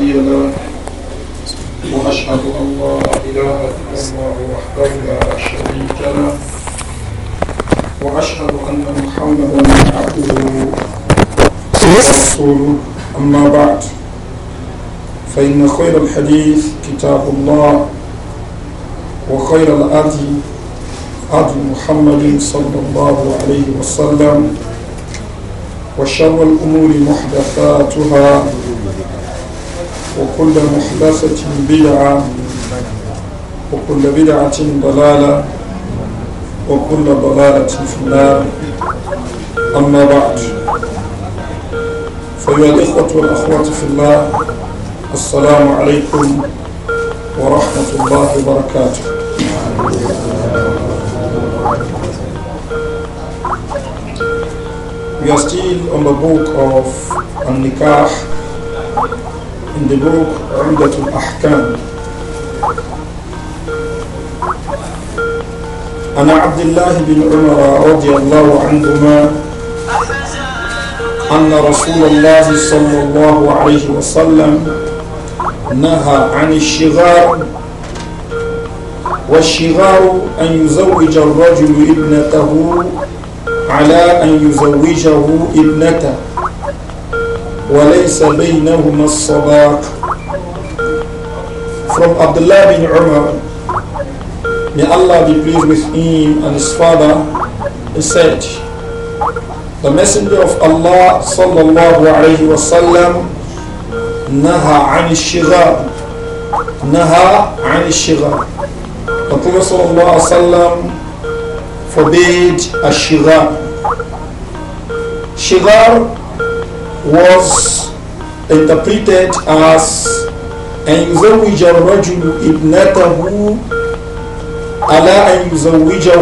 هادي وأشهد أن لا إله إلا الله وحده لا شريك له وأشهد أن محمدا عبده ورسوله أما بعد فإن خير الحديث كتاب الله وخير الأدي أدي محمد صلى الله عليه وسلم وشر الأمور محدثاتها وكل محدثة بدعة وكل بدعة ضلالة وكل ضلالة في النار أما بعد فيا الإخوة والأخوات في الله السلام عليكم ورحمة الله وبركاته We are still on the book of An-Nikah book عمدة الأحكام عن عبد الله بن عمر رضي الله عنهما أن رسول الله صلى الله عليه وسلم نهى عن الشغار والشغار أن يزوج الرجل ابنته على أن يزوجه ابنته وليس بينهما الصداق from Abdullah bin Umar may Allah be pleased with him and his father he said the messenger of Allah صلى الله عليه وسلم نهى عن الشغار نهى عن الشغار the Prophet صلى الله عليه وسلم forbade a shighar was interpreted as أن يزوج الرجل ابنته على أن يزوجه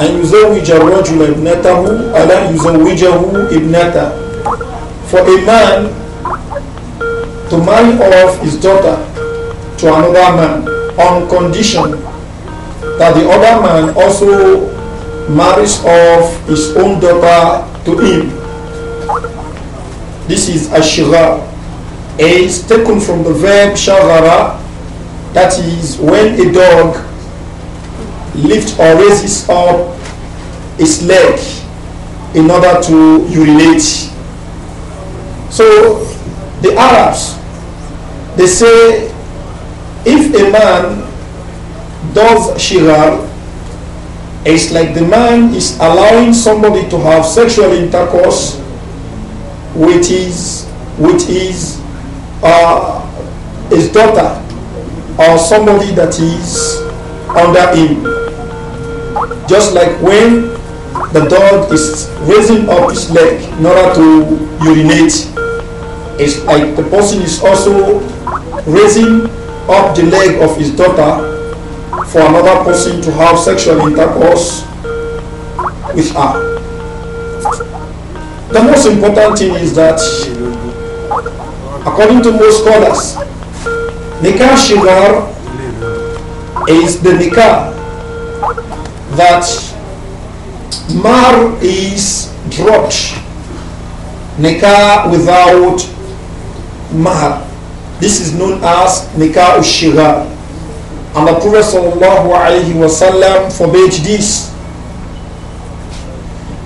أن يزوج الرجل ابنته على أن يزوجه ابنته for a man to marry off his daughter to another man on condition that the other man also marries off his own daughter to him This is ashighar. Is taken from the verb shagara, that is when a dog lifts or raises up its leg in order to urinate. So the Arabs they say if a man does shirar, it's like the man is allowing somebody to have sexual intercourse which is which is uh, his daughter or somebody that is under him. Just like when the dog is raising up his leg in order to urinate, it's like the person is also raising up the leg of his daughter for another person to have sexual intercourse with her. The most important thing is that, according to most scholars, nikah shigar is the nikah that mar is dropped. Nikah without mar. This is known as nikah shigar. And the Prophet sallallahu alaihi wasallam forbade this.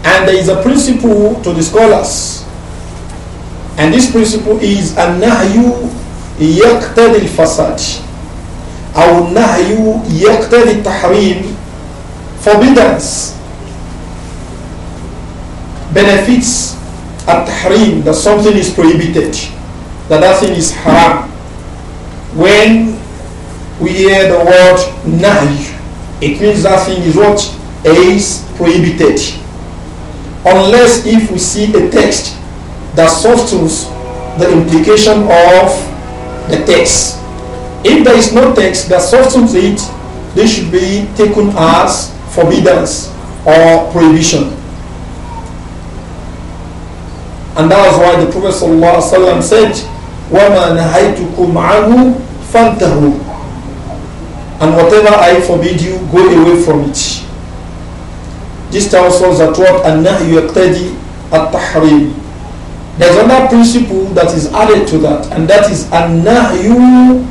And there is a principle to the scholars. And this principle is النهي يقتضي fasad, أو النهي يقتضي tahrim. forbiddance benefits at tahrim that something is prohibited that nothing is haram when we hear the word nahi it means that thing is what is prohibited unless if we see a text that substitutes the implication of the text. If there is no text that substitutes it, they should be taken as forbiddance or prohibition. And that is why the Prophet ﷺ said, وَمَا نَهَيْتُكُمْ عَنْهُ فَانْتَهُوا And whatever I forbid you, go away from it. This tells us that what النهي at tahrim. There's another principle that is added to that and that is النهي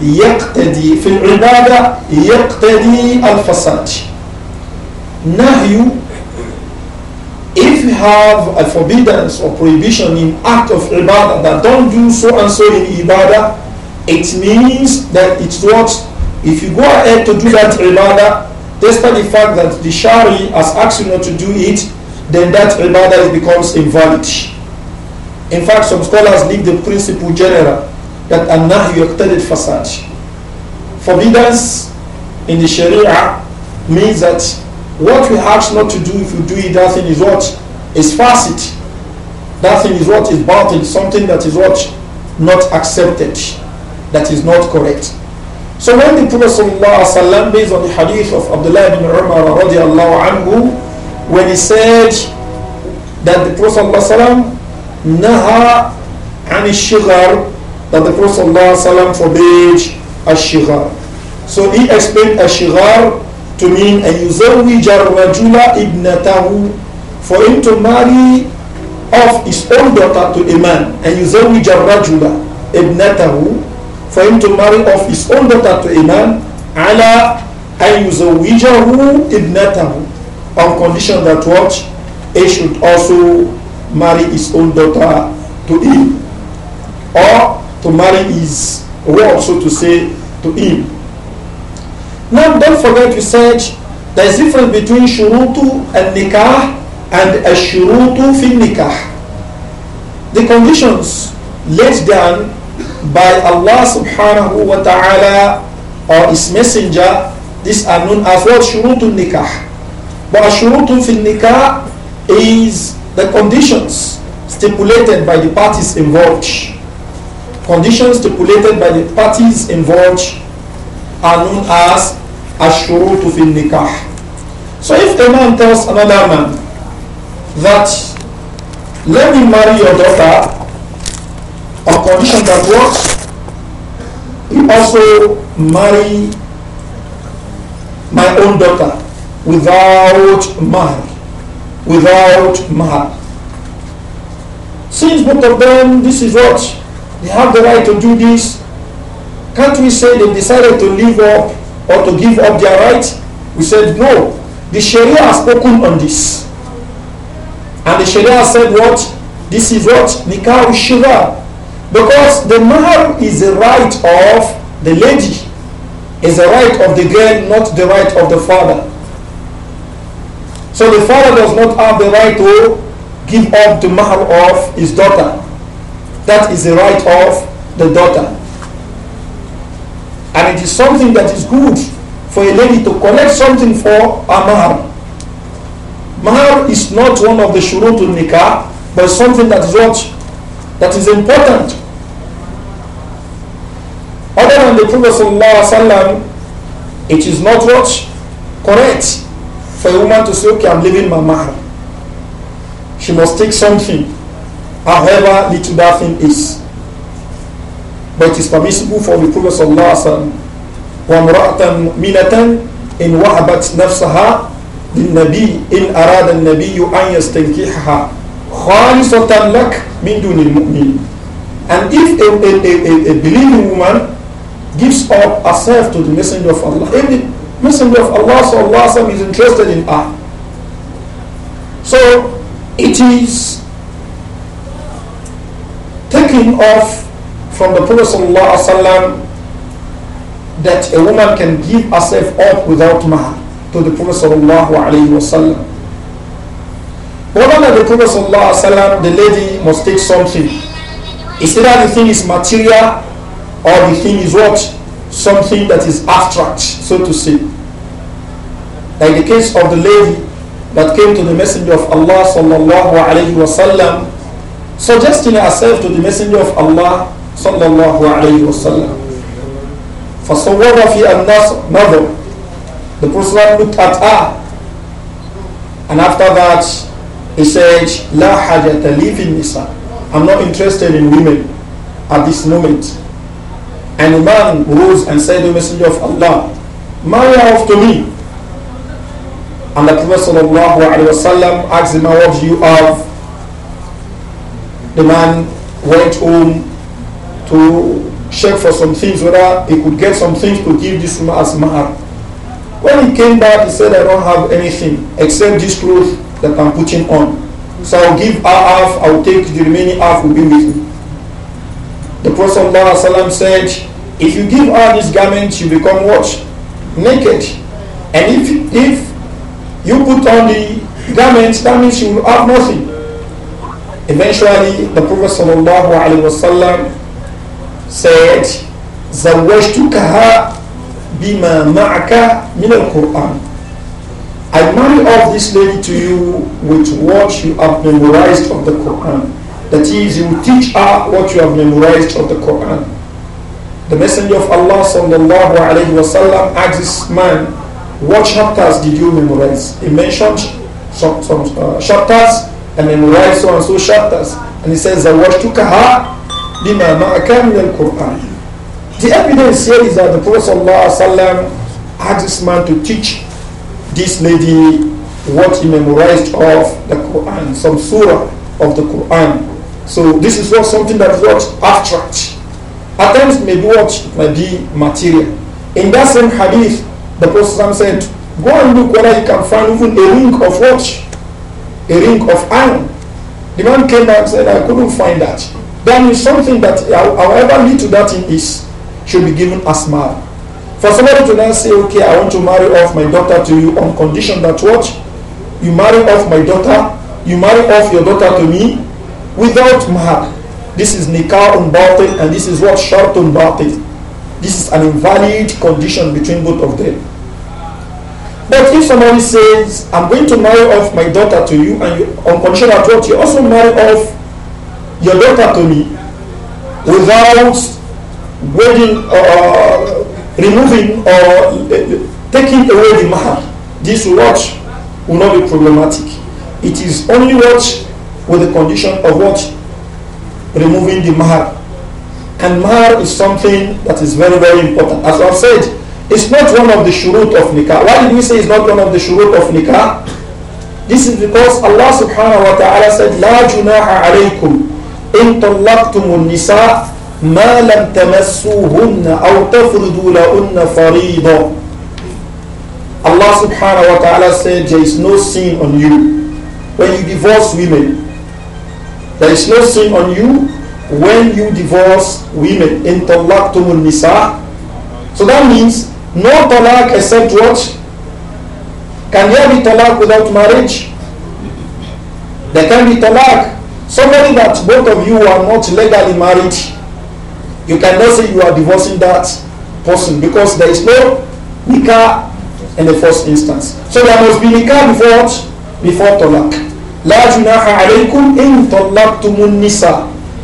يقتدي في العبادة يقتدي الفساد نهي if you have a forbiddance or prohibition in act of ibadah that don't do so and so in ibadah, it means that it's what if you go ahead to do that ibadah, despite the fact that the Shari has asked you not to do it, then that ibadah becomes invalid. In fact, some scholars leave the principle general that annahi yaqtadid fasad. Forbiddance in the Sharia means that what we ask not to do if you do it, that thing is what? Is facet. That thing is what is batil, something that is what? Not accepted, that is not correct. So when the Prophet ﷺ, based on the hadith of Abdullah ibn Umar radiallahu anhu, when he said that the Prophet ﷺ naha an shigar, that the Prophet ﷺ forbade a So he explained a to mean a yuzawija ibn ibnatahu, for him to marry off his own daughter to a man, and yuzawija ibn ibnatahu, for him to marry off his own daughter to a man, ala ayuzawijahu ibnatahu, on condition that what? He should also marry his own daughter to him. Or to marry his wife, so to say, to him. Now don't forget we said there is difference between shurutu and nikah and ashurutu fi nikah. The conditions less than by Allah subhanahu wa ta'ala or his messenger, these are known as what? Shurutun nikah. But a shurutun fil nikah is the conditions stipulated by the parties involved. Conditions stipulated by the parties involved are known as ashurutu fil nikah. So if a man tells another man that let me marry your daughter a condition that what he also marry my own daughter without mahar without mahar since both of them this is what they have the right to do this can't we say they decided to leave up or to give up their right we said no the sharia has spoken on this and the sharia said what this is what nikah shiva because the mahar is the right of the lady, is the right of the girl, not the right of the father. So the father does not have the right to give up the mahar of his daughter. That is the right of the daughter. And it is something that is good for a lady to collect something for a mahar. Mahar is not one of the shurutul nikah, but something that is what that is important. Other than the Prophet وسلم, it is not what correct for a woman to say, okay, I'm leaving my mahram. She must take something, however little that thing is. But it is permissible for the Prophet in وَمْرَأَةً مُؤْمِنَةً إِنْ وَهَبَتْ in arad إِنْ أَرَادَ النَّبِيُّ أَنْ يَسْتَنْكِحَهَا خالصة لك من دون المؤمن and if a, a, a, a, believing woman gives up herself to the messenger of Allah if the messenger of Allah sallallahu is interested in her so it is taking off from the Prophet sallallahu that a woman can give herself up without mah to the Prophet sallallahu over at the Prophet sallam, the lady must take something. It's either the thing is material or the thing is what? Something that is abstract, so to say. Like the case of the lady that came to the Messenger of Allah sallallahu alayhi suggesting herself to the Messenger of Allah sallallahu alayhi of فصور في الناس نظر The Prophet looked at her and after that he said, La hajata leaving Nisa. I'm not interested in women at this moment. And a man rose and said, "The Messenger of Allah, marry off to me. And the Prophet sallallahu alayhi wasallam asked him, What do you have? The man went home to check for some things, whether he could get some things to give this man as mahar. When he came back, he said, I don't have anything except this clothes that I'm putting on. So I'll give half, I'll take the remaining half will be with me. The Prophet ﷺ said, if you give her this garment, you become what? Naked. And if if you put on the garment, that means you will have nothing. Eventually, the Prophet ﷺ said, زوجتكها بما معك من القرآن I marry off this lady to you with what you have memorized of the Quran. That is, you teach her what you have memorized of the Quran. The Messenger of Allah sallallahu alayhi wasallam asked this man, what chapters did you memorize? He mentioned some, some uh, chapters and memorized so and so chapters. And he says, Zawajtukaha bima ma'aka min al-Quran. The evidence here is that the Prophet sallallahu alayhi wasallam asked this man to teach this lady what he memorized of the Quran, some surah of the Quran. So this is what something that is what abstract. At times maybe what might be material. In that same hadith, the Prophet said, go and look whether you can find even a ring of watch, a ring of iron. The man came back and said, I couldn't find that. Then it's something that however little that thing is should be given as mal. For somebody to now say, okay, I want to marry off my daughter to you on condition that what? You marry off my daughter, you marry off your daughter to me without mahar. This is nikah on and this is what shart on This is an invalid condition between both of them. But if somebody says, I'm going to marry off my daughter to you and you, on condition that what? You also marry off your daughter to me without wedding uh, removing or uh, taking away the mahar, this watch will not be problematic. It is only watch with the condition of what? Removing the mahar. And mahar is something that is very, very important. As I've said, it's not one of the shurut of nikah. Why did we say it's not one of the shurut of nikah? This is because Allah subhanahu wa ta'ala said, "La جناح alaykum إن طلقتم النساء ما لم تمسوهن أو تفرضوا لهن فريضة Allah subhanahu wa ta'ala said there is no sin on you when you divorce women there is no sin on you when you divorce women in talaqtumun nisa so that means no talaq except what can there be talaq without marriage there can be talaq somebody that both of you are not legally married you cannot say you are divorcing that person because there is no nikah in the first instance. So there must be nikah before before talaq.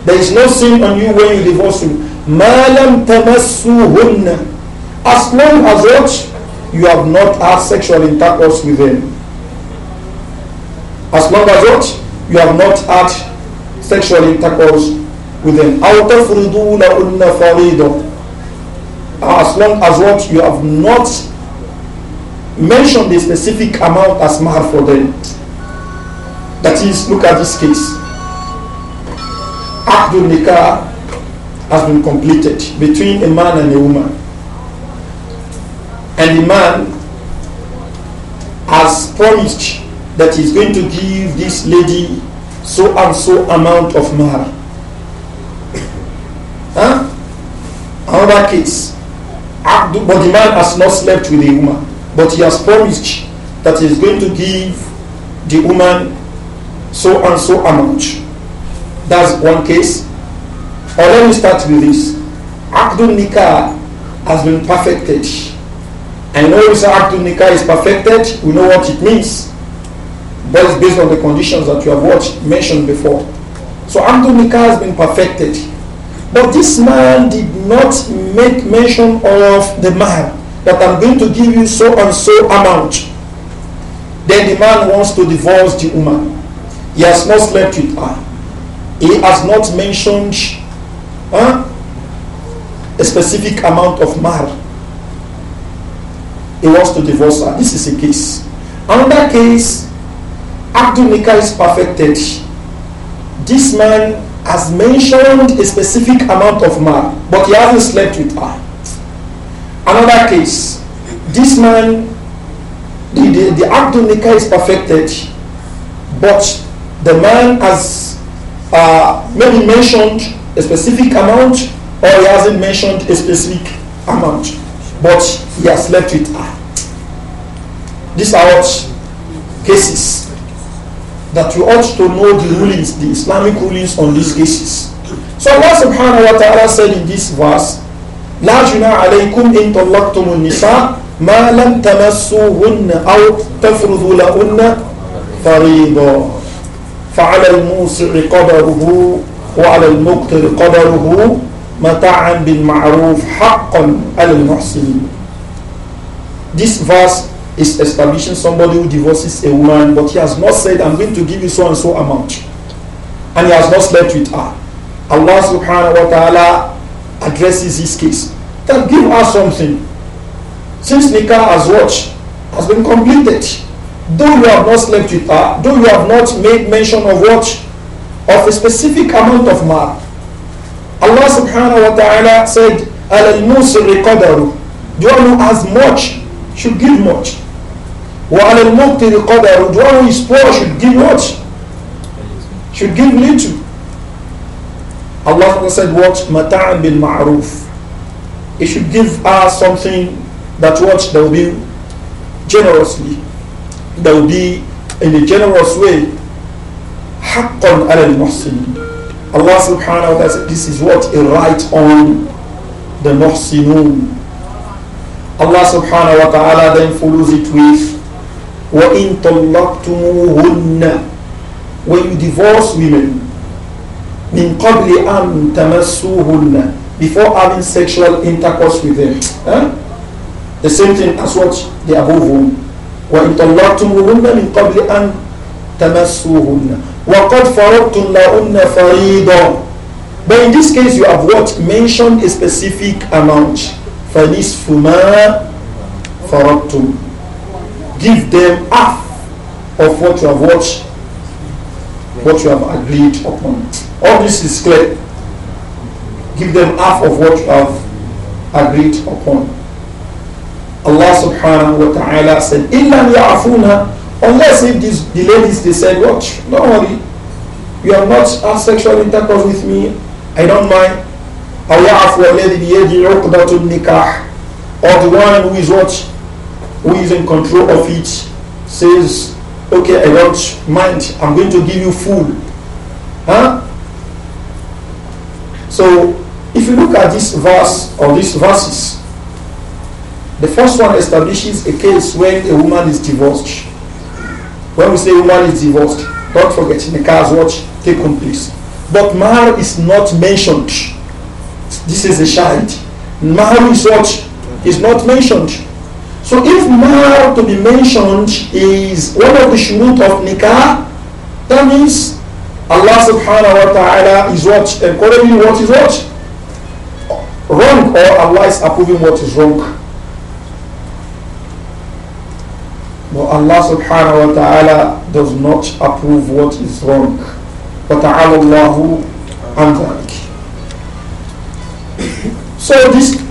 There is no sin on you when you divorce him. As long as what? You have not had sexual intercourse with them. As long as what? You have not had sexual intercourse with them. As long as what you have not mentioned the specific amount as mahar for them. That is, look at this case. Abdul Nikah has been completed between a man and a woman. And the man has promised that he's going to give this lady so and so amount of mahar. another case, but the man has not slept with a woman, but he has promised that he is going to give the woman so and so amount. That's one case. Or let me start with this. Abdul Nika has been perfected. And know we say Akdun is perfected, we know what it means. But it's based on the conditions that you have watched, mentioned before. So Abdul Nika has been perfected. But this man did not make mention of the man that I'm going to give you so and so amount. Then the man wants to divorce the woman. He has not slept with her. He has not mentioned huh, a specific amount of mar. He wants to divorce her. This is a case. Another case, Abdul Nikah is perfected. This man has mentioned a specific amount of man, but he hasn't slept with her. Another case, this man, the, the, the act of nikah is perfected, but the man has uh, maybe mentioned a specific amount or he hasn't mentioned a specific amount, but he has slept with her. These are what cases that you ought to know the rulings, the Islamic rulings on these cases. So Allah subhanahu wa ta'ala said in this verse, لا جناح عليكم إن طلقتم النساء ما لم تمسوهن أو تفرضوا لهن فريضا فعلى الموسع قدره وعلى المقتر قدره متاعا بالمعروف حقا على المحسنين This verse is establishing somebody who divorces a woman, but he has not said, I'm going to give you so and so amount. And he has not slept with her. Allah subhanahu wa ta'ala addresses his case. Then give her something. Since Nikah has what? Has been completed. Though you have not slept with her, though you have not made mention of what? Of a specific amount of mar. Allah subhanahu wa ta'ala said, Do you know as much should give much. وعلى المقتر قدر the one who is poor should give what? Should give little. Allah said what? مَتَعًا بِالْمَعْرُوفِ He should give us something that what? That will be generously. That will be in a generous way. حَقًّا عَلَى الْمُحْسِنِينَ Allah subhanahu wa ta'ala said this is what? A right on the muhsinun. Allah subhanahu wa ta'ala then follows it with وَإِن طَلَّقْتُمُوهُنَّ When you divorce women, مِنْ قَبْلِ أَن تَمَسُّوهُنَّ Before having sexual intercourse with them. Huh? The same thing as what the above one. وَإِن طَلَّقْتُمُوهُنَّ مِنْ قَبْلِ أَن تَمَسُّوهُنَّ وَقَدْ فَرَضْتُمْ لَهُنَّ فَرِيضًا But in this case, you have what? Mentioned a specific amount. فَنِصْفُ مَا فَرَضْتُمْ give them half of what you have watched, what you have agreed upon. All this is clear. Give them half of what you have agreed upon. Allah subhanahu wa ta'ala said, Illan ya'afuna, unless if this, the ladies, they said, watch, don't worry, you have not had sexual intercourse with me, I don't mind. Or the one who is what? who is in control of it says, okay, I don't mind, I'm going to give you food. Huh? So, if you look at this verse or these verses, the first one establishes a case when a woman is divorced. When we say woman is divorced, don't forget nikah's watch taken place. But mahar is not mentioned. This is a child. Mahar is what is not mentioned. So if now to be mentioned is one of the shurut of nikah, that means Allah subhanahu wa ta'ala is what? Encouraging what is what? Wrong or Allah is approving what is wrong. But Allah subhanahu wa ta'ala does not approve what is wrong. But Taala allahu ذَلِكِ So this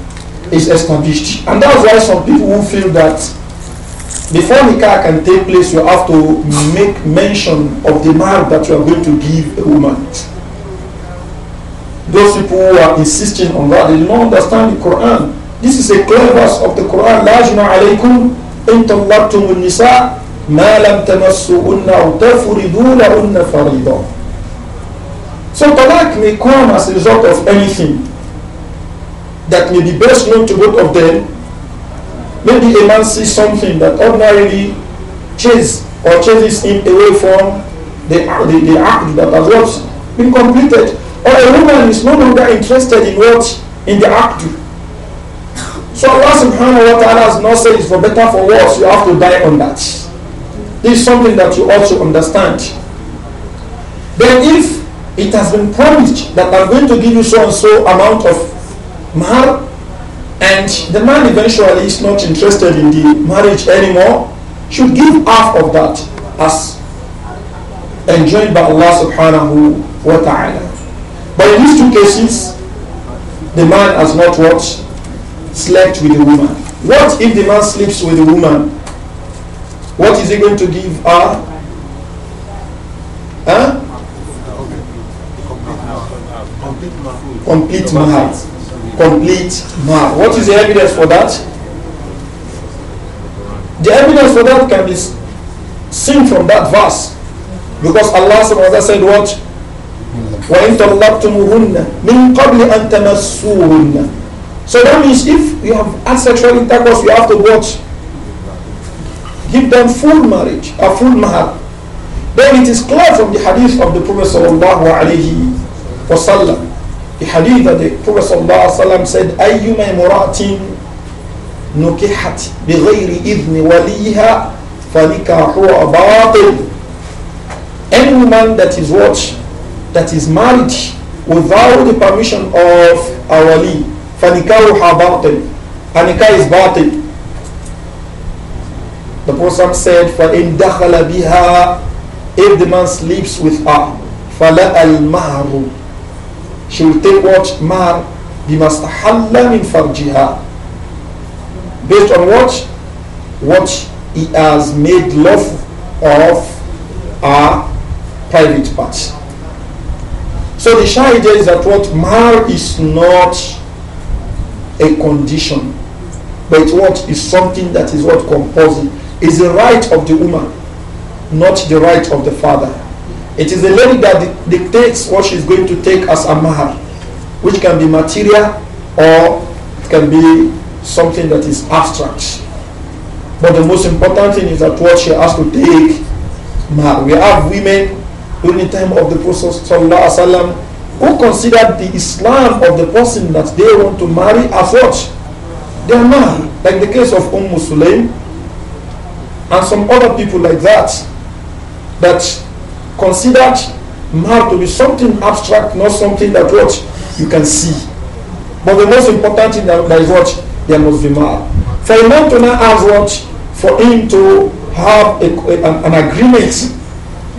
is established. And that's why some people who feel that before nikah can take place, you have to make mention of the mark that you are going to give a woman. Those people who are insisting on that, they don't understand the Quran. This is a clear verse of the Quran. لا جنى عليكم إن طلقتم النساء ما لم unna أو تفردوا لهن فريضة. So talak may come as a result of anything that may be best known to both of them, maybe a man sees something that ordinarily chases or chases him away from the, the, the act that has not been completed. Or a woman is no longer interested in what? In the act. So Allah subhanahu wa ta'ala has not said it's for better for worse, you have to die on that. This is something that you also understand. Then if it has been promised that I'm going to give you so and so amount of mahar and the man eventually is not interested in the marriage anymore, should give half of that as enjoined by Allah subhanahu wa ta'ala. But in these two cases, the man has not what? Slept with the woman. What if the man sleeps with the woman? What is he going to give her? Huh? Complete mahar complete now. What is the evidence for that? The evidence for that can be seen from that verse. Because Allah subhanahu wa said what? وَإِن طَلَّقْتُمُهُنَّ مِنْ قَبْلِ أَن تَمَسُّوهُنَّ So that means if you have had sexual intercourse, you have to watch. Give them full marriage, a full mahar. Then it is clear from the hadith of the Prophet sallallahu Alaihi Wasallam the hadith that the Prophet ﷺ said, أَيُّمَا مُرَأْتٍ نُكِحَتْ بِغَيْرِ إِذْنِ وَلِيهَا فَنِكَاحُهَا بَاطِلٌ Any woman that is what? That is married without the permission of a wali, فَنِكَاحُهَا بَاطِلٌ Anika is batil. The Prophet said, فَإِنْ دَخَلَ بِهَا If the man sleeps with her, فَلَأَ الْمَهْرُ she will take what? man Mar bimastahalla min farjiha. Based on what? What he has made love of our private parts. So the shy idea is that what mar is not a condition, but what is something that is what composing is the right of the woman, not the right of the father. It is the lady that dictates what she's going to take as a mahar, which can be material or it can be something that is abstract. But the most important thing is that what she has to take mahar. We have women during the time of the Prophet who considered the Islam of the person that they want to marry as what? Their mahar. Like the case of Umm Sulaim and some other people like that. That considered now to be something abstract, not something that what you can see. But the most important thing that, that is what there must be mal. For a man to not have what for him to have a, a, an, agreement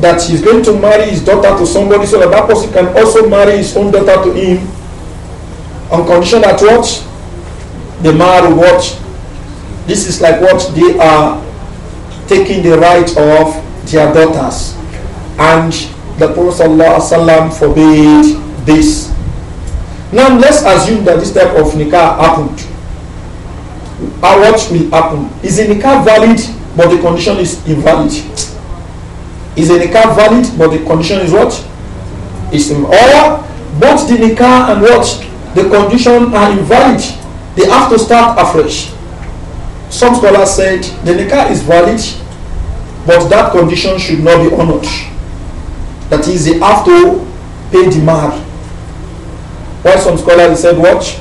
that he's going to marry his daughter to somebody so that that person can also marry his own daughter to him on condition that what the man what this is like what they are taking the right of their daughters and the Prophet ﷺ forbade this. Now let's assume that this type of nikah happened. Uh, what will happen? Is the nikah valid but the condition is invalid? Is the nikah valid but the condition is what? Is in or Both the nikah and what? The condition are invalid. They have to start afresh. Some scholars said the nikah is valid, but that condition should not be honored. That is, they have to pay the mark. Why some scholars said, watch?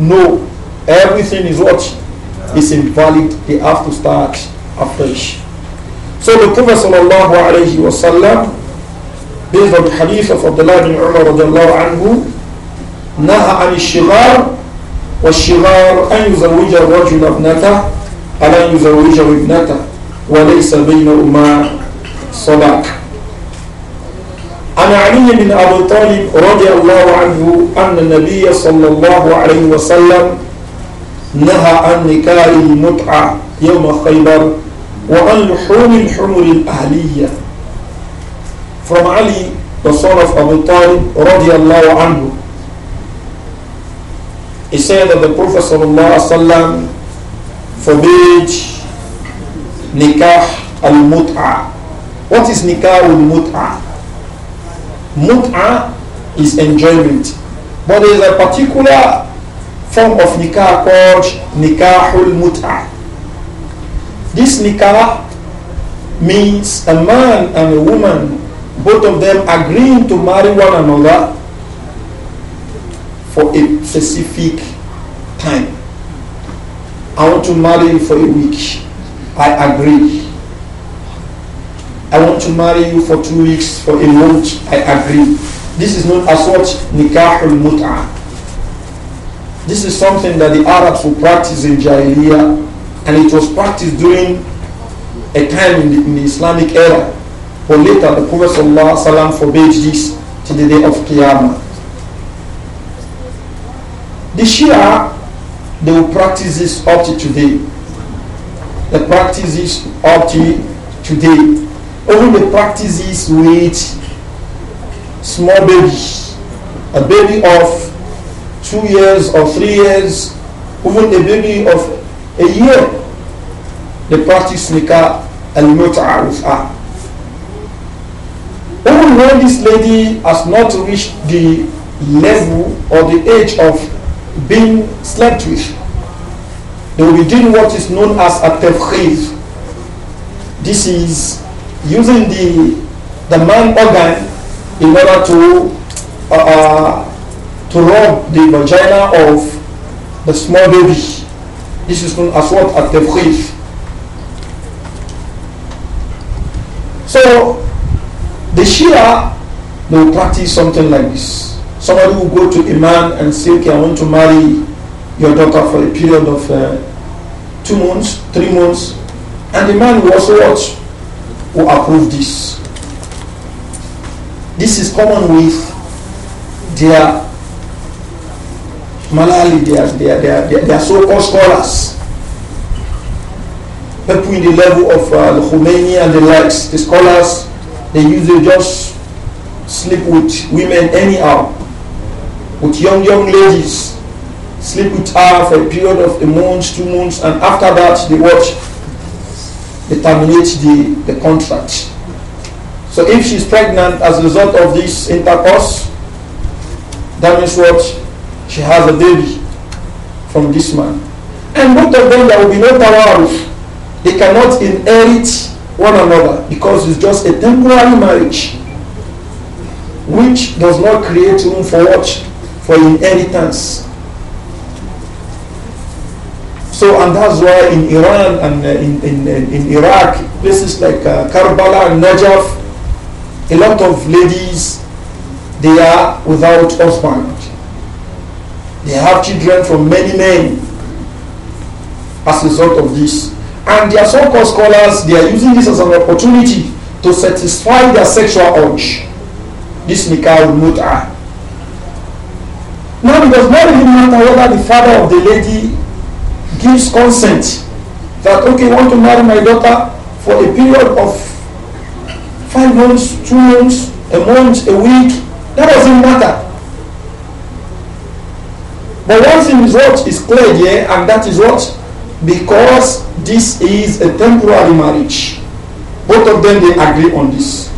No, everything is watch It's invalid. They have to start afresh. So the Prophet sallallahu alayhi wa sallam, based on the hadith of Abdullah bin Umar radiallahu anhu, نهى عن الشغار والشغار أن يزوج الرجل ابنته على أن يزوج ابنته وليس بينهما صداق عن علي بن ابي طالب رضي الله عنه ان النبي صلى الله عليه وسلم نهى عن نكاح المتعه يوم خيبر وعن لحوم الحمر الاهليه فرم علي of ابو طالب رضي الله عنه He said that the Prophet صلى الله عليه وسلم nikah نكاح muta What is nikah al Mut'a is enjoyment. But there is a particular form of nikah called nikahul mut'ah. This nikah means a man and a woman, both of them agreeing to marry one another for a specific time. I want to marry you for a week. I agree. I want to marry you for two weeks, for a month, I agree. This is not as nikah Nikahul mut'ah. This is something that the Arabs would practice in Jahiliyyah and it was practiced during a time in the, in the Islamic era. But later the Prophet ﷺ forbade this till the day of Qiyamah. The Shia, they will practice this up to today. They practice this up to today. Even the practices with small baby, a baby of two years or three years, even a baby of a year, the practice nikah al-mut'a with her. Even when this lady has not reached the level or the age of being slept with, they will be doing what is known as a tafkhir. This is using the the man organ in order to uh, uh, to rob the vagina of the small baby. This is known as what at the phrase. So the Shia will practice something like this. Somebody will go to a man and say, okay, I want to marry your daughter for a period of uh, two months, three months. And the man will also watch who approve this. This is common with their Malali, their, their, their, their, their so-called scholars. People in the level of uh, the Khomeini and the likes, the scholars, they usually just sleep with women anyhow, with young, young ladies, sleep with her for a period of a month, two months, and after that they watch they terminate the, the contract. So if she's pregnant as a result of this intercourse, that means what? She has a baby from this man. And both of them, there will be no tawaruf. They cannot inherit one another because it's just a temporary marriage which does not create room for what? For inheritance. So, and that's why in Iran and uh, in, in, in Iraq, places like uh, Karbala and Najaf, a lot of ladies, they are without husband. They have children from many men as a result of this. And their so-called scholars, they are using this as an opportunity to satisfy their sexual urge. This nikah mut'ah. Now, it does not even matter whether the father of the lady gives consent that, okay, I want to marry my daughter for a period of five months, two months, a month, a week, that doesn't matter. But one thing is what is clear here, and that is what? Because this is a temporary marriage. Both of them, they agree on this.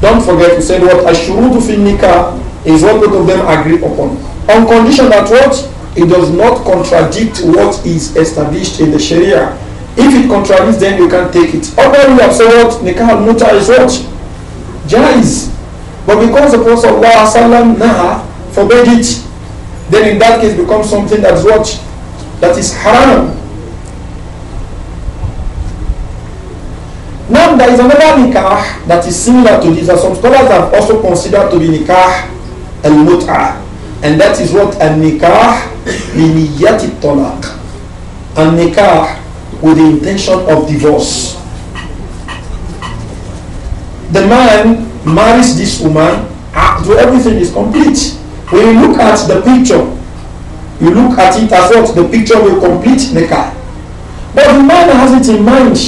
Don't forget, we said what Ashurudu Finika is what both of them agree upon. On condition that what? it does not contradict what is established in the Sharia. If it contradicts, then you can take it. Other way of saying what nikah muta is what jais, but because the Prophet sallallahu naha forbade it, then in that case becomes something that's what that is haram. Now there is another nikah that is similar to this, that some scholars have also considered to be nikah al-mut'ah. And that is what an nikah liniyati talaq. nikah with the intention of divorce. The man marries this woman, ah, so everything is complete. When you look at the picture, you look at it as what the picture will complete nikah. But the man has it in mind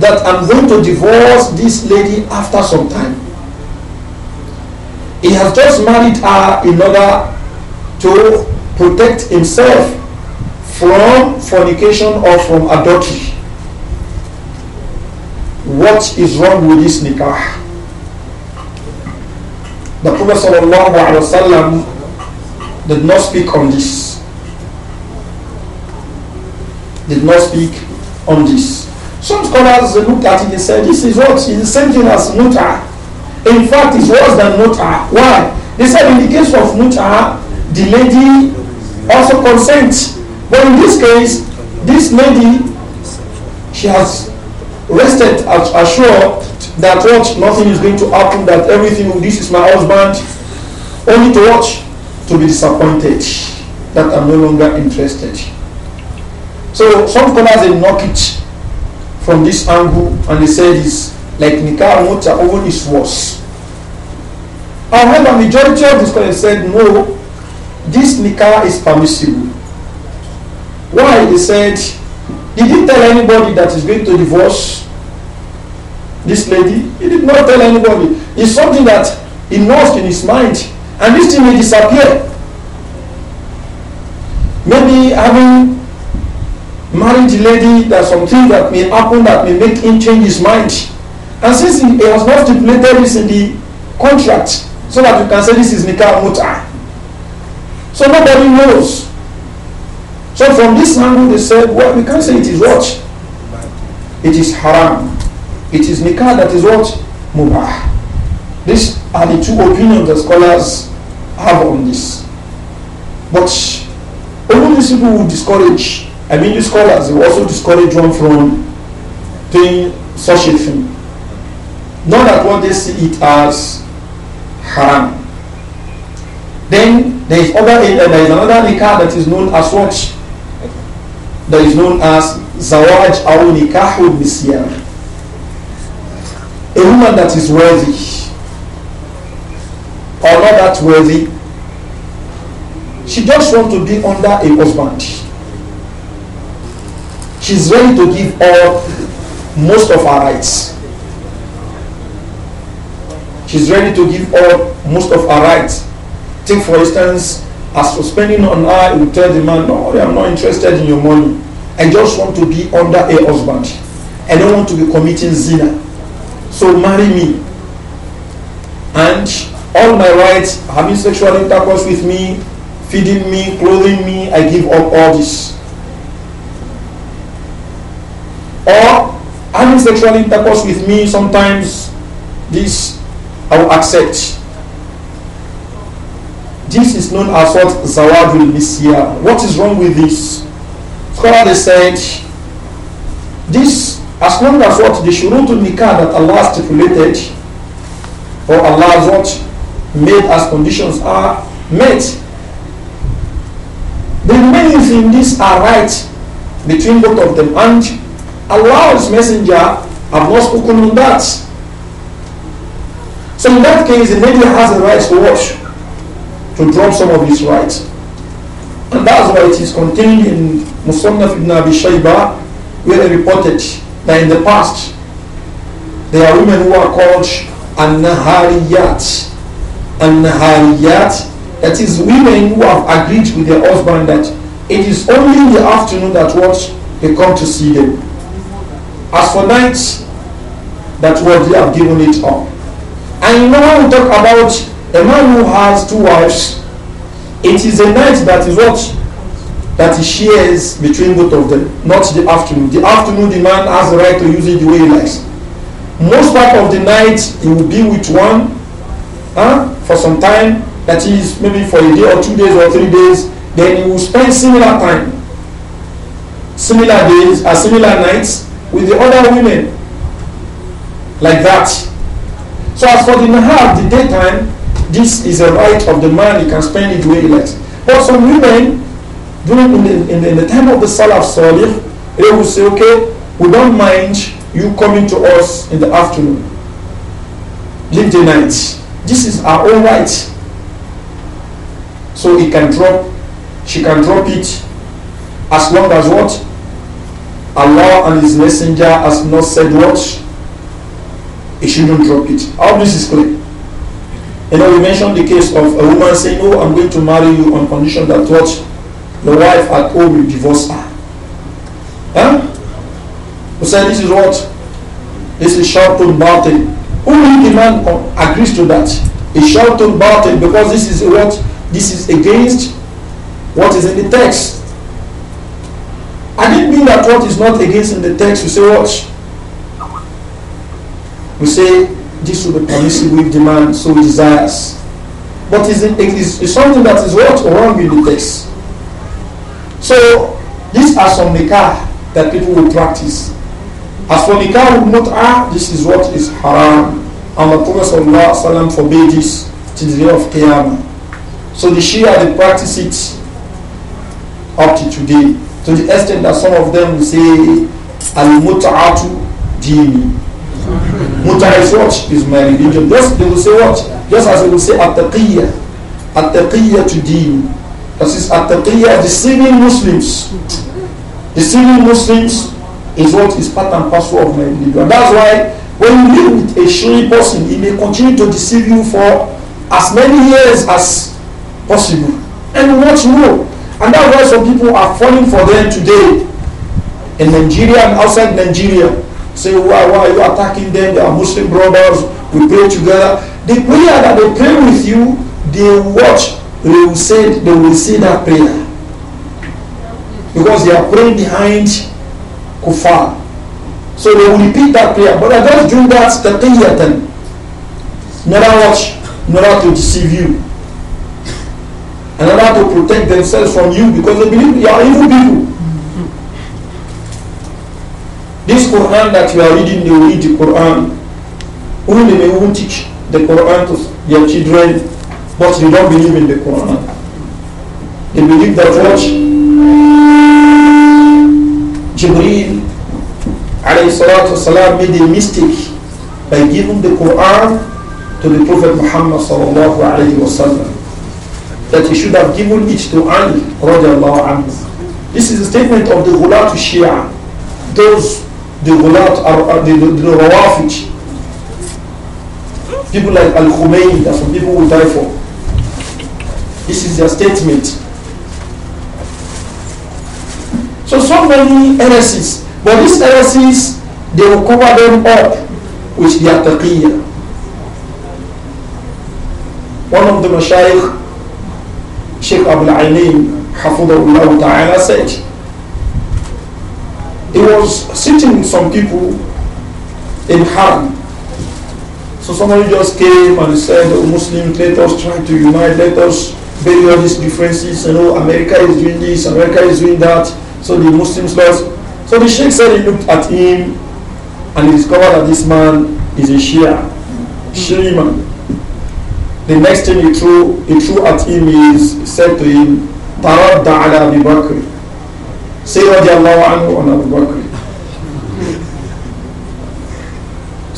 that I'm going to divorce this lady after some time. He has just married her in order to protect himself from fornication or from adultery. What is wrong with this nikah? The Prophet ﷺ did not speak on this. Did not speak on this. Some scholars looked at it and said, This is what is the same thing as muta. In fact, it's worse than mut'ah. Why? They said in the case of mut'ah, the lady also consents. But in this case, this lady, she has rested assured that what nothing is going to happen, that everything this is my husband, only to watch to be disappointed that I'm no longer interested. So some scholars they knock it from this angle and they say this like nikah muta'un is worse. However, majority of the scholars said no, this nikah is permissible. Why? They said, he didn't tell anybody that he's going to divorce this lady. He did not tell anybody. It's something that he knows in his mind. And this thing may disappear. Maybe having married the lady, there's something that may happen that may make him change his mind. And since he, he has not stipulated this in the contract, so that you can say this is Nikah Muta. So nobody knows. So from this angle, they said, well, we can't say it is what? It is haram. It is Nikah that is what? Mubah. These are the two opinions the scholars have on this. But only these people who discourage, I mean, the scholars, they also discourage one from doing such a thing. Not that what they see it as haram. Then there is other there is another nikah that is known as what? That is known as zawaj or nikahul nisyam. A woman that is worthy or not that worthy, she just wants to be under a husband. She's ready to give up most of her rights. She's ready to give all most of her rights. Take for instance, as for spending on her, you tell the man, no, I'm not interested in your money. I just want to be under a husband. I don't want to be committing zina. So marry me. And all my rights, having sexual intercourse with me, feeding me, clothing me, I give up all this. Or having sexual intercourse with me sometimes, this I will accept. This is known as what Zawadul Misyar. What is wrong with this? Scholars said, this, as long as what the Shurutul Nikah that Allah stipulated, or Allah's what made as conditions are met, the remaining things are right between both of them. And Allah's messenger have not spoken on that. So in that case, the lady has a right to watch, to drop some of his rights. And that's why it is contained in Musannaf ibn Abi Shayba, where they reported that in the past, there are women who are called An-Nahariyat. An-Nahariyat, that is women who have agreed with their husband that it is only in the afternoon that what they come to see them. As for nights, that what they have given it up. And you know when we talk about a man who has two wives, it is a night that is what? That he shares between both of them, not the afternoon. The afternoon the man has the right to use it the way he likes. Most part of the night he will be with one huh, for some time, that is maybe for a day or two days or three days, then he will spend similar time, similar days, a uh, similar nights with the other women like that. So as for the nahar, the daytime, this is a right of the man, he can spend it where he likes. But some women, during in the, in the, in the time of the Salaf Salih, they will say, okay, we don't mind you coming to us in the afternoon. Leave the night. This is our own right. So he can drop, she can drop it as long as what? Allah and His Messenger has not said what? he shouldn't drop it. All this is clear. You know, we mentioned the case of a woman saying, Oh, I'm going to marry you on condition that what the wife at home will divorce her. Huh? We said this is what? This is Sharpton Barton. Only the man agrees to that. It's Sharpton Barton because this is what? This is against what is in the text. I didn't mean that what is not against in the text. You say what? We say this will be permissible we demand, so desires. But it's, it's, it's something that is what wrong in the text. So these are some nikah that people will practice. As for nikah mut'ah, this is what is haram. And the Prophet ﷺ forbade this till the day of Qiyamah. So the Shia, they practice it up to today. To the extent that some of them will say, al-mut'atu dini watch is my religion. Just, they will say what? Just as they will say attaqiyya. Attaqiyya to deen. That is attaqiyya, deceiving Muslims. Deceiving Muslims is what is part and parcel of my religion. And that's why when you live with a shiri person, he may continue to deceive you for as many years as possible. And much more. And that's why some people are falling for them today in Nigeria and outside Nigeria. Say, why, why are you attacking them? They are Muslim brothers. We pray together. The prayer that they pray with you, they watch. They will say, they will see that prayer. Because they are praying behind kuffar. So they will repeat that prayer. But I just do that taqiyatan. Never watch, never to deceive you. And never to protect themselves from you because they believe you are evil people. this Quran that you are reading, they read the Quran. Only they won't teach the Quran to their children, but they don't believe in the Quran. They believe that what Jibreel والسلام, made a mistake by giving the Quran to the Prophet Muhammad sallallahu alayhi wasallam. That he should have given it to Ali radiallahu anhu. This is a statement of the Ghulatu Shia, those the Gulat, or, uh, uh, the, the, the Rawafid, people like Al Khomeini that some people will die for. This is their statement. So, so many heresies, but these heresies, they will cover them up with their taqiyya. One of the mashayikh, Sheikh Abul Ainain, Hafidhullah Ta'ala, said, he was sitting with some people in Haram. So somebody just came and said, oh, Muslims, let us try to unite, let us bury all these differences. You know, America is doing this, America is doing that. So the Muslims lost. So the Sheikh said he looked at him and he discovered that this man is a Shia, Shia man. The next thing he threw, he threw at him is, said to him, Taradda ala Abu Say radiallahu anhu and Abu Bakr.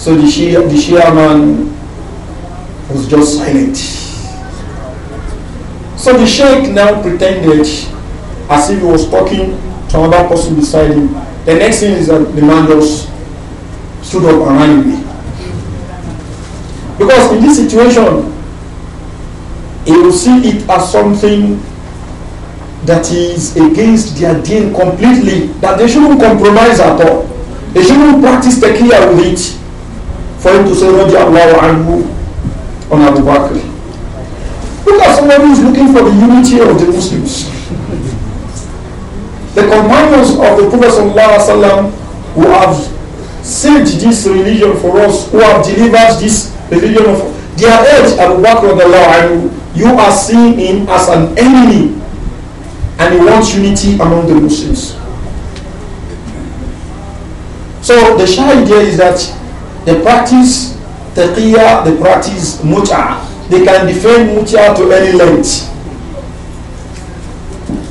So the Shia, the Shia man was just silent. So the Sheikh now pretended as if he was talking to another person beside him. The next thing is that the man just stood up and ran away. Because in this situation, he will see it as something that is against their deen completely, that they shouldn't compromise at all. They shouldn't practice taqiyya with it for him to say, Radi Allahu anhu on Abu Bakr. Look at somebody who's looking for the unity of the Muslims. the companions of the Prophet Sallallahu who have saved this religion for us, who have delivered this religion of their age, Abu Bakr, you are seeing him as an enemy and he wants unity among the Muslims. So the shy idea is that they practice taqiyya, they practice muta, They can defend muta to any length.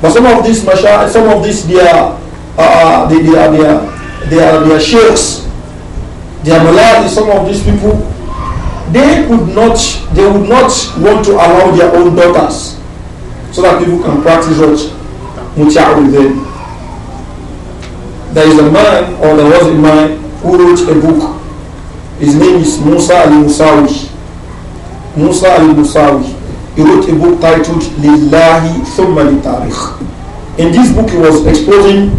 But some of these masha, some of these they are, uh, they, uh, they are, they are, they are, they are sheikhs. They are maladi, some of these people. They could not, they would not want to allow their own daughters so that people can practice what muta'awwidhin. There is a man, or there was a man, who wrote a book. His name is Musa al-Musawi. Musa al-Musawi. He wrote a book titled Lillahi Thumma Tarikh. In this book, he was exposing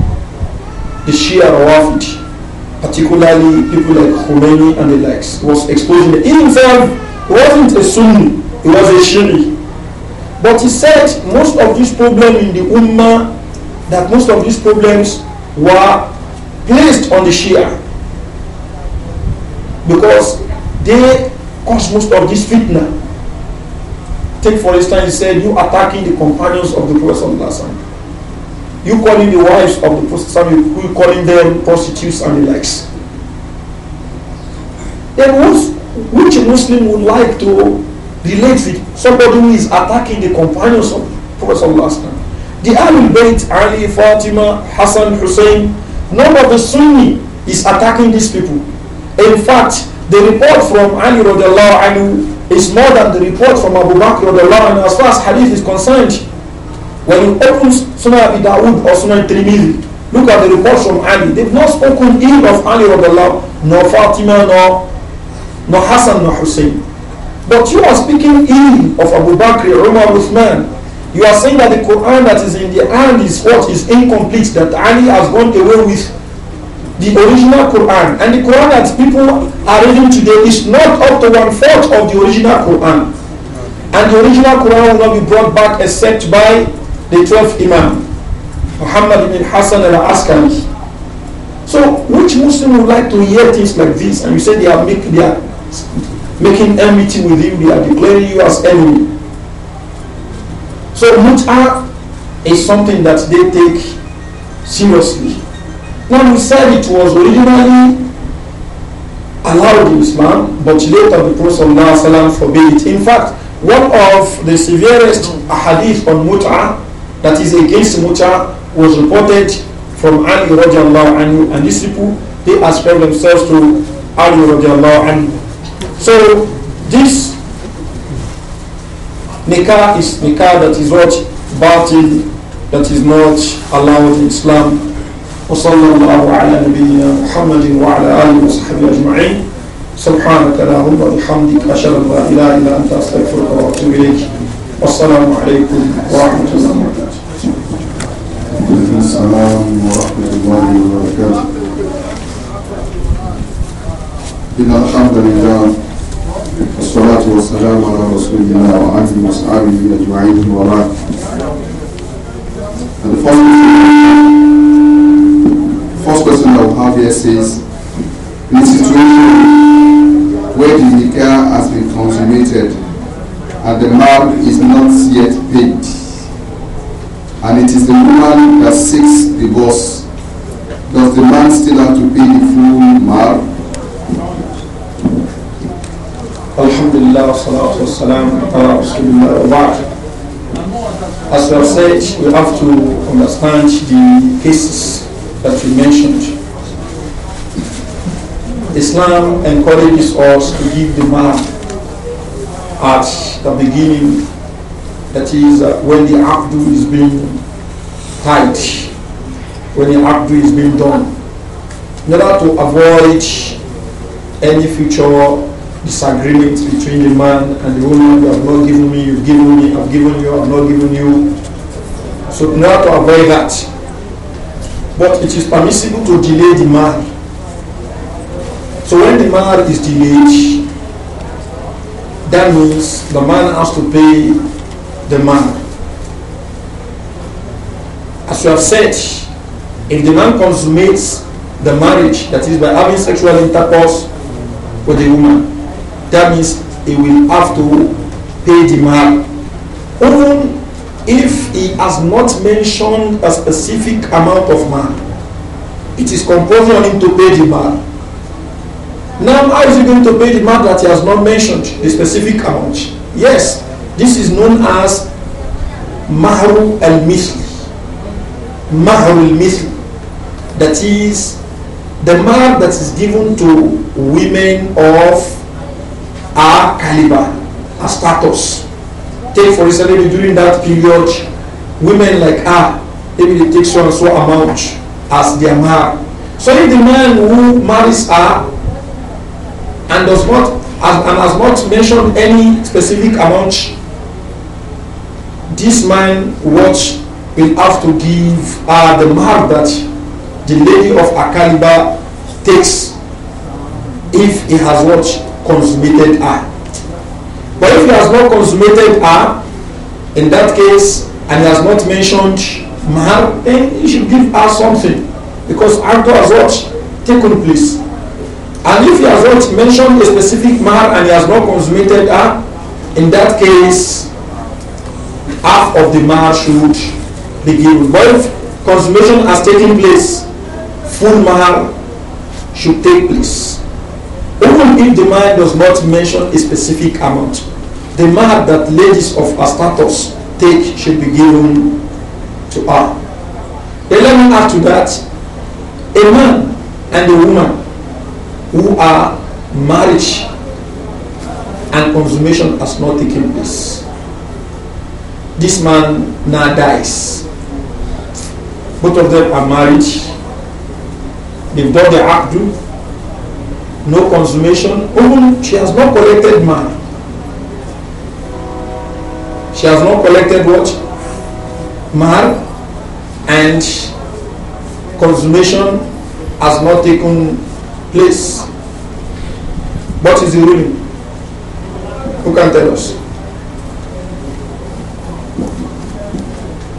the Shia Rawafid, particularly people like Khomeini and the likes. He was exposing it. He himself wasn't a Sunni, he was a Shia. But he said most of these problems in the Ummah, that most of these problems were placed on the Shia. Because they caused most of this fitna. Take for instance, he said, you attacking the companions of the Prophet You calling the wives of the Prophet you calling them prostitutes and the likes. Then which Muslim would like to relates it. Somebody who is attacking the companions of Prophet Sallallahu The Ahlul Bayt, Ali, Fatima, Hassan, Hussein, none of the Sunni is attacking these people. In fact, the report from Ali radiallahu anhu is more than the report from Abu Bakr radiallahu anhu as far as hadith is concerned. When you open Sunnah Abi Dawud or Sunnah Tirmidhi, look at the reports from Ali. They've not spoken ill of Ali radiallahu nor Fatima, nor, nor Hassan, nor Hussein. But you are speaking ill of Abu Bakr, Umar, Uthman. You are saying that the Quran that is in the hand is what is incomplete, that Ali has gone away with the original Quran. And the Quran that people are reading today is not up to one fourth of the original Quran. And the original Quran will not be brought back except by the 12th Imam, Muhammad ibn Hassan al-Askari. So which Muslim would like to hear things like this? And you say they are, make, their making enmity with you, they are declaring you as enemy. So mut'a is something that they take seriously. Now we said it was originally allowed in Islam, but later the Prophet forbade it. In fact, one of the severest hadith on mut'a that is against mut'a was reported from Ali radiallahu anhu and his people they ascribe themselves to Ali radiallahu anhu So this nikah is nikah that is what batil, that is not allowed in Islam. وصلى الله على نبينا محمد وعلى آله وصحبه أجمعين سبحانك اللهم وبحمدك أشهد أن لا إله إلا أنت أستغفرك وأتوب إليك والسلام عليكم ورحمة الله وبركاته السلام ورحمة الله وبركاته إن الحمد لله والسلام على رسول الله وآله وصحبه أجمعين وبعد And the first, first question I will have here says, in a situation where the nikah has been consummated and the mal is not yet paid, and it is the woman that seeks divorce, does the man still have to pay the full mal Alhamdulillah, salatu wassalam, As we have said, we have to understand the cases that we mentioned. Islam encourages us to give the man at the beginning, that is, uh, when the abdu is being tied, when the abdu is being done, in order to avoid any future disagreement between the man and the woman. You have not given me, you've given me, I've given you, I've not given you. So now to avoid that. But it is permissible to delay the marriage. So when the marriage is delayed, that means the man has to pay the man. As you have said, if the man consummates the marriage, that is by having sexual intercourse with the woman, that means he will have to pay the man, Even if he has not mentioned a specific amount of man, it is compulsory on him to pay the man. Now, how is he going to pay the man that he has not mentioned the specific amount? Yes, this is known as mahru al misli, Mahru al-mithl. misli. is the man that is given to women of our caliber, her status. Take for instance, maybe during that period, women like her, maybe they take so and so amount as their mark. So if the man who marries her and does not and has not mentioned any specific amount, this man what will have to give are the mark that the lady of her caliber takes if he has what consummated her. But if he has not consummated her, in that case, and he has not mentioned mahar, then eh, he should give her something. Because after has not Taken place. And if he has not mentioned a specific mahar and he has not consummated her, in that case, half of the mahar should be given. But if consummation has taken place, full mahar should take place. Even if the man does not mention a specific amount, the mahar that ladies of her status take should be given to her. Then let me add to that, a man and a woman who are married and consummation has not taken place. This man now dies. Both of them are married. They've done act abdu no consummation. Even she has not collected money. She has not collected what? Mar and consummation has not taken place. What is the ruling? Who can tell us?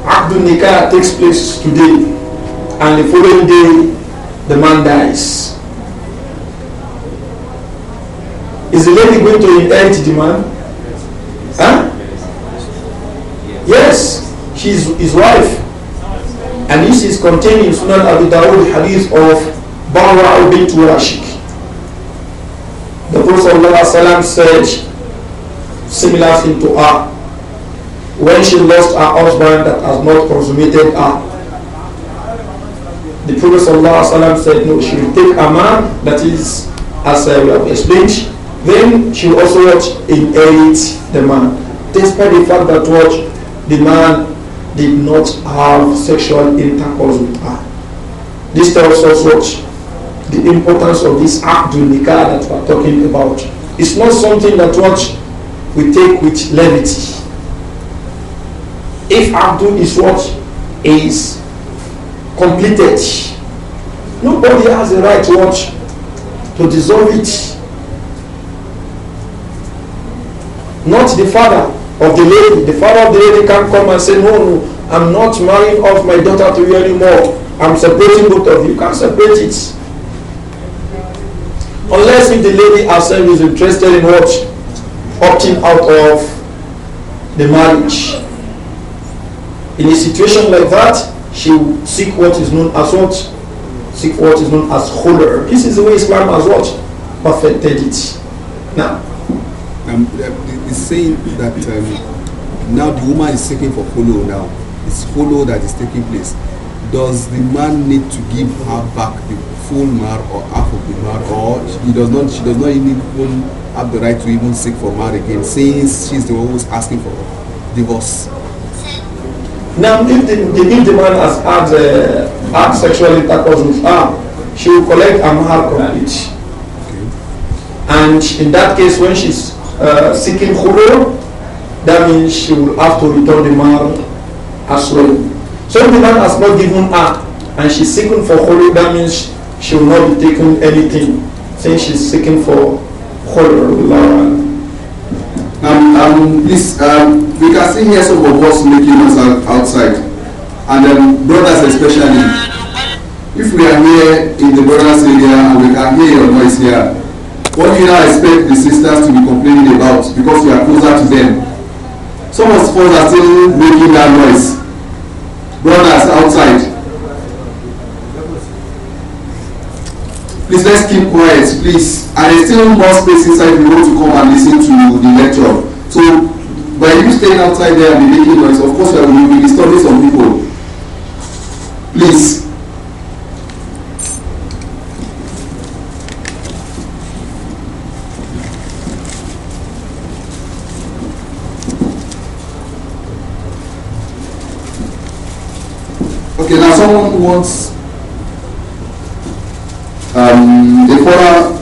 Abdul Nikah takes place today and the following day the man dies. Is the lady going to inherit the man? Huh? Yes, she's his wife. And this is contained in Sunan Abu Dawud hadith of Bawa bint Rashik. The Prophet said similar thing to her when she lost her husband that has not consummated her. The Prophet said, No, she will take a man that is, as I uh, have explained, then she also watch inherit the man, despite the fact that watch the man did not have sexual intercourse with her. This tells us what the importance of this Abdul Nikah that we are talking about. It's not something that what we take with levity. If Abdul is what is completed, nobody has the right to watch to dissolve it not the father of the lady. The father of the lady can come and say, no, no, I'm not marrying off my daughter to you anymore. I'm separating both of you. You can't separate it. Unless if the lady herself is interested in what? Opting out of the marriage. In a situation like that, she will seek what is known as what? Seek what is known as holder. This is the way Islam has what? Perfected it. Now, um, is saying that um, now the woman is seeking for follow now. It's follow that is taking place. Does the man need to give her back the full mar or half of the mar, or he does not? She does not even have the right to even seek for mar again, since she's the one who's asking for divorce. Now, if the, if the man has had, uh, had sexual intercourse with her, she will collect a mar complete. Okay. And in that case, when she's uh, seeking khulur, that means she will have to return the man as well. So if the man has not given her and she's seeking for khulur, that means she will not be taking anything since she's seeking for khulur. Um, um, please, um, we can see here some of us making us outside, and um, brothers especially. If we are here in the brothers area and we can hear your voice here, what do you now expect the sisters to be complaining about because you are closer to them some of us are still making that noise brothers outside please let's keep quiet please and there's still more space inside the room to come and listen to the lecture so by you staying outside there and be making noise of course we will be disturbing some people please wants um, a further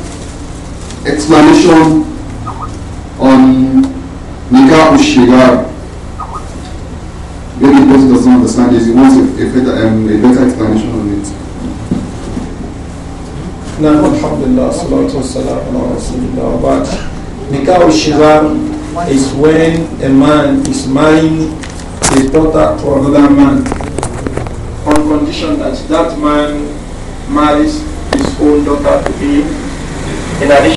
explanation on nikah ushigar. Maybe the person doesn't understand this. He wants a, a, better, um, a better explanation on it. نعم alhamdulillah, لله الصلاة والسلام But nikah الله is when a man is marrying a daughter to another man condition that that man marries his own daughter to him in addition